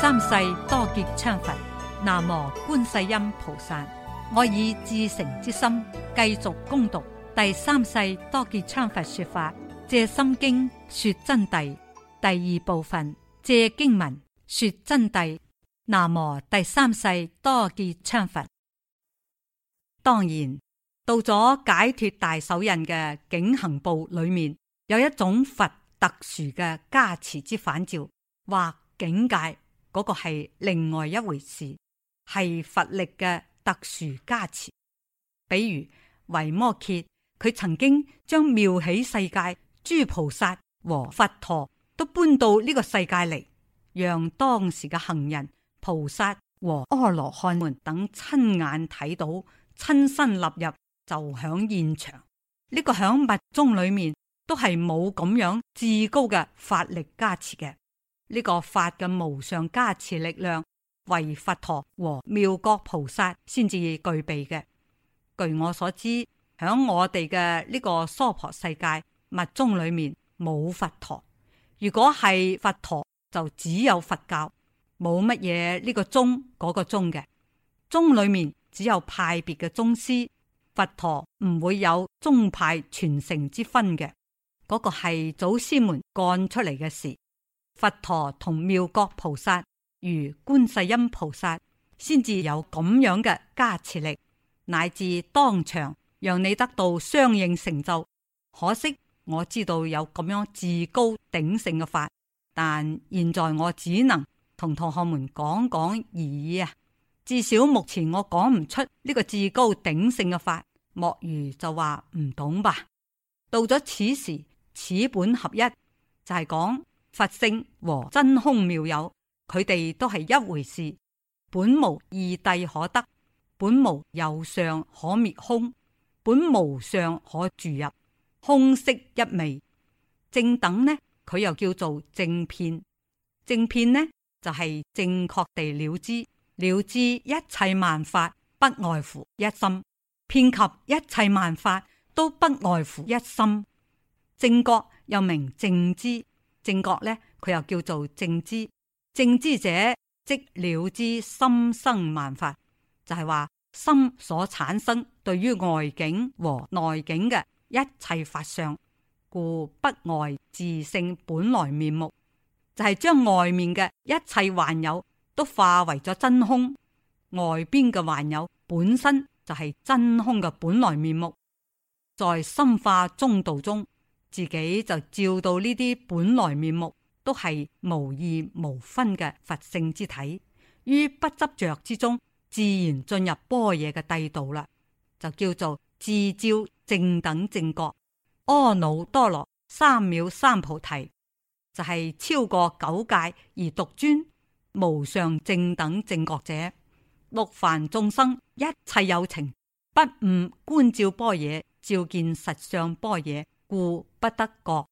三世多杰羌佛，南無觀世音菩薩。我以至誠之心，繼續攻讀第三世多杰羌佛說法。借心經說真諦，第二部分借經文說真諦。南無第三世多杰羌佛。當然，到咗解脫大手印嘅警行部裏面，有一種佛特殊嘅加持之反照或境界。嗰個係另外一回事，係佛力嘅特殊加持。比如維摩詰，佢曾經將妙喜世界諸菩薩和佛陀都搬到呢個世界嚟，讓當時嘅行人、菩薩和阿羅漢們等親眼睇到、親身踏入，就響現場。呢、這個響密宗裏面都係冇咁樣至高嘅法力加持嘅。呢個法嘅無上加持力量，為佛陀和妙國菩薩先至具備嘅。據我所知，響我哋嘅呢個娑婆世界密宗裏面冇佛陀。如果係佛陀，就只有佛教，冇乜嘢呢個宗嗰個宗嘅。宗裏面只有派別嘅宗師，佛陀唔會有宗派傳承之分嘅。嗰個係祖師們幹出嚟嘅事。佛陀同妙國菩薩，如觀世音菩薩，先至有咁樣嘅加持力，乃至當場讓你得到相應成就。可惜我知道有咁樣至高鼎盛嘅法，但現在我只能同同學們講講而已啊！至少目前我講唔出呢個至高鼎盛嘅法，莫如就話唔懂吧。到咗此時此本合一，就係、是、講。佛性和真空妙有，佢哋都係一回事。本無二諦可得，本無有上可滅空，本無上可住入空色一微。正等呢，佢又叫做正遍。正遍呢，就係、是、正確地了知。了知一切萬法不外乎一心，遍及一切萬法都不外乎一心。正覺又名正知。正覺咧，佢又叫做正知。正知者，即了知心生萬法，就係話心所產生對於外境和內境嘅一切法相，故不外自性本來面目。就係將外面嘅一切幻有都化為咗真空，外邊嘅幻有本身就係真空嘅本來面目，在心化中道中。自己就照到呢啲本來面目，都係無二無分嘅佛性之體，於不執着之中，自然進入般若嘅帝道啦，就叫做自照正等正覺，阿耨多羅三藐三菩提，就係超過九界而獨尊無上正等正覺者。六凡眾生一切有情，不誤觀照般若，照見實相般若。故不得過，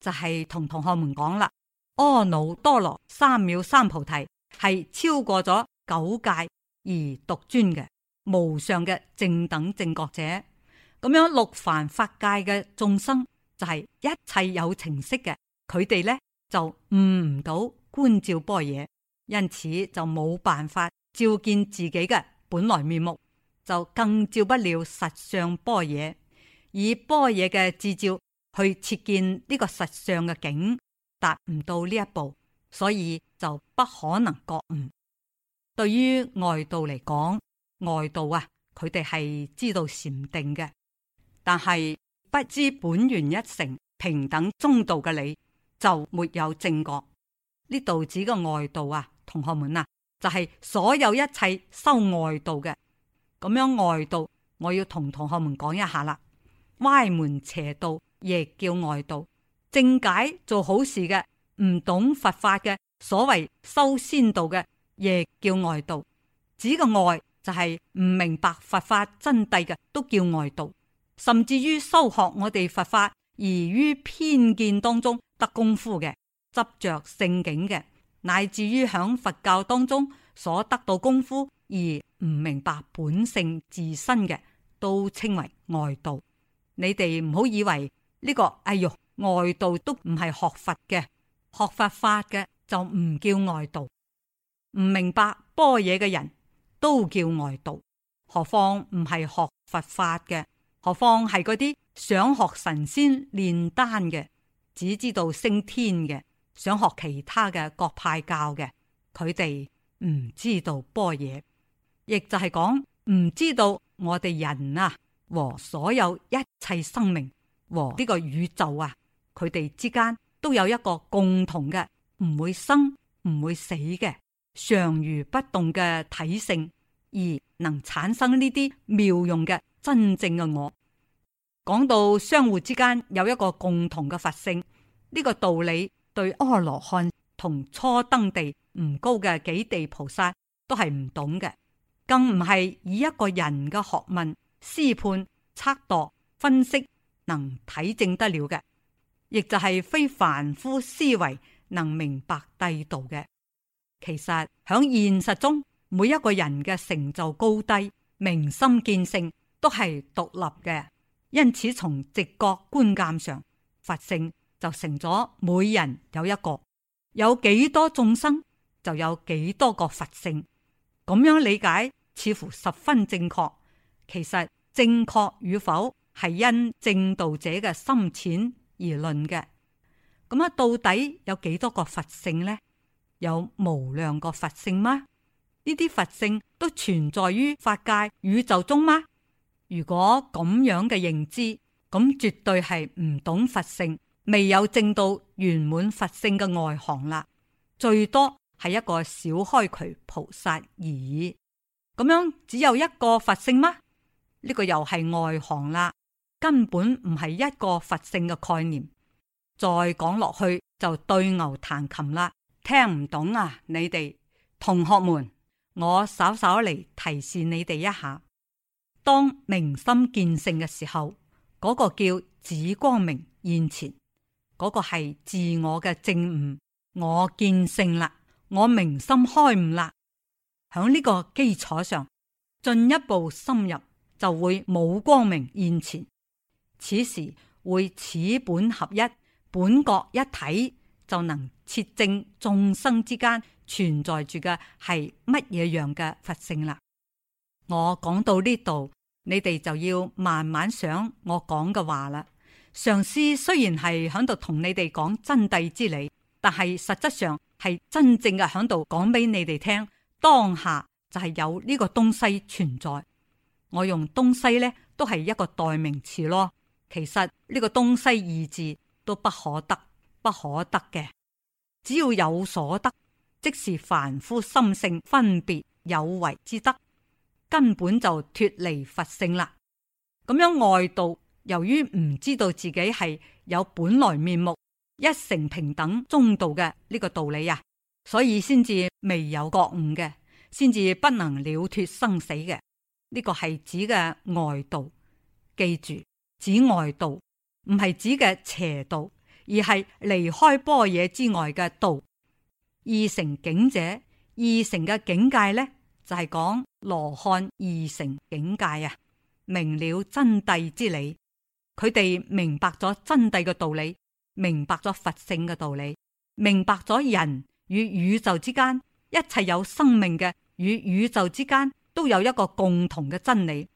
就係、是、同同學們講啦。阿耨多羅三藐三菩提係超過咗九界而獨尊嘅無上嘅正等正覺者。咁樣六凡法界嘅眾生就係、是、一切有情識嘅，佢哋呢，就悟唔到觀照般若，因此就冇辦法照見自己嘅本來面目，就更照不了實相般若。以般若嘅智照去切見呢個實相嘅境，達唔到呢一步，所以就不可能覺悟。對於外道嚟講，外道啊，佢哋係知道禪定嘅，但係不知本源一成平等中道嘅你，就沒有正覺。呢度指個外道啊，同學們啊，就係、是、所有一切修外道嘅咁樣外道，我要同同學們講一下啦。歪門邪道，亦叫外道；正解做好事嘅，唔懂佛法嘅，所謂修仙道嘅，亦叫外道。指個外就係唔明白佛法真諦嘅，都叫外道。甚至於修學我哋佛法而於偏見當中得功夫嘅，執着聖境嘅，乃至於響佛教當中所得到功夫而唔明白本性自身嘅，都稱為外道。你哋唔好以為呢個，哎喲，外道都唔係學佛嘅，學佛法嘅就唔叫外道。唔明白般若嘅人都叫外道，何況唔係學佛法嘅，何況係嗰啲想學神仙煉丹嘅，只知道升天嘅，想學其他嘅各派教嘅，佢哋唔知道般若，亦就係講唔知道我哋人啊。和所有一切生命和呢個宇宙啊，佢哋之間都有一個共同嘅唔會生唔會死嘅常如不動嘅體性，而能產生呢啲妙用嘅真正嘅我。講到相互之間有一個共同嘅佛性呢個道理，對阿羅漢同初登地唔高嘅幾地菩薩都係唔懂嘅，更唔係以一個人嘅學問思判、測度、分析，能睇證得了嘅，亦就係非凡夫思維能明白帝道嘅。其實響現實中，每一個人嘅成就高低、明心見性，都係獨立嘅。因此，從直覺觀鑑上，佛性就成咗每人有一個，有幾多眾生就有幾多個佛性。咁樣理解似乎十分正確。其實正確與否係因正道者嘅深淺而論嘅。咁啊，到底有幾多個佛性呢？有無量個佛性嗎？呢啲佛性都存在於法界宇宙中嗎？如果咁樣嘅認知，咁絕對係唔懂佛性，未有證到圓滿佛性嘅外行啦。最多係一個小開渠菩薩而已。咁樣只有一個佛性嗎？呢個又係外行啦，根本唔係一個佛性嘅概念。再講落去就對牛彈琴啦，聽唔懂啊！你哋同學們，我稍稍嚟提示你哋一下：當明心見性嘅時候，嗰、那個叫紫光明現前，嗰、那個係自我嘅正悟。我見性啦，我明心開悟啦。響呢個基礎上進一步深入。就會冇光明現前，此時會此本合一、本覺一體，就能切正，眾生之間存在住嘅係乜嘢樣嘅佛性啦。我講到呢度，你哋就要慢慢想我講嘅話啦。上師雖然係喺度同你哋講真諦之理，但係實質上係真正嘅喺度講俾你哋聽，當下就係有呢個東西存在。我用東西咧，都係一個代名詞咯。其實呢個東西二字都不可得，不可得嘅。只要有所得，即是凡夫心性分別有為之德，根本就脫離佛性啦。咁樣外道由於唔知道自己係有本來面目，一成平等中道嘅呢個道理啊，所以先至未有覺悟嘅，先至不能了脫生死嘅。呢個係指嘅外道，記住指外道，唔係指嘅邪道，而係離開般若之外嘅道。二成境者，二成嘅境界呢，就係、是、講羅漢二成境界啊！明了真諦之理，佢哋明白咗真諦嘅道理，明白咗佛性嘅道理，明白咗人與宇宙之間一切有生命嘅與宇宙之間。都有一個共同嘅真理，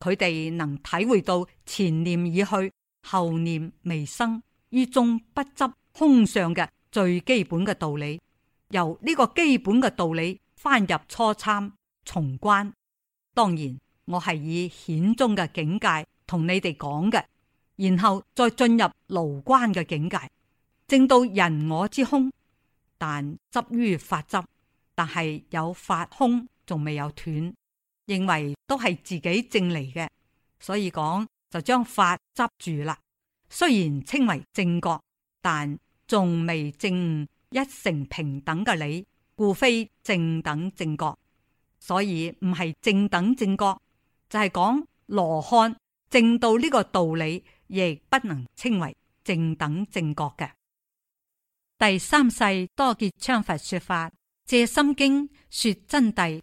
佢哋能體會到前念已去，後念未生，於中不執空相嘅最基本嘅道理。由呢個基本嘅道理翻入初參重關，當然我係以顯宗嘅境界同你哋講嘅，然後再進入牢關嘅境界，證到人我之空，但執於法執，但係有法空，仲未有斷。認為都係自己正嚟嘅，所以講就將法執住啦。雖然稱為正覺，但仲未正一成平等嘅理，故非正等正覺。所以唔係正等正覺，就係講羅漢證到呢個道理，亦不能稱為正等正覺嘅。第三世多杰羌佛說法《藉心經》說真諦。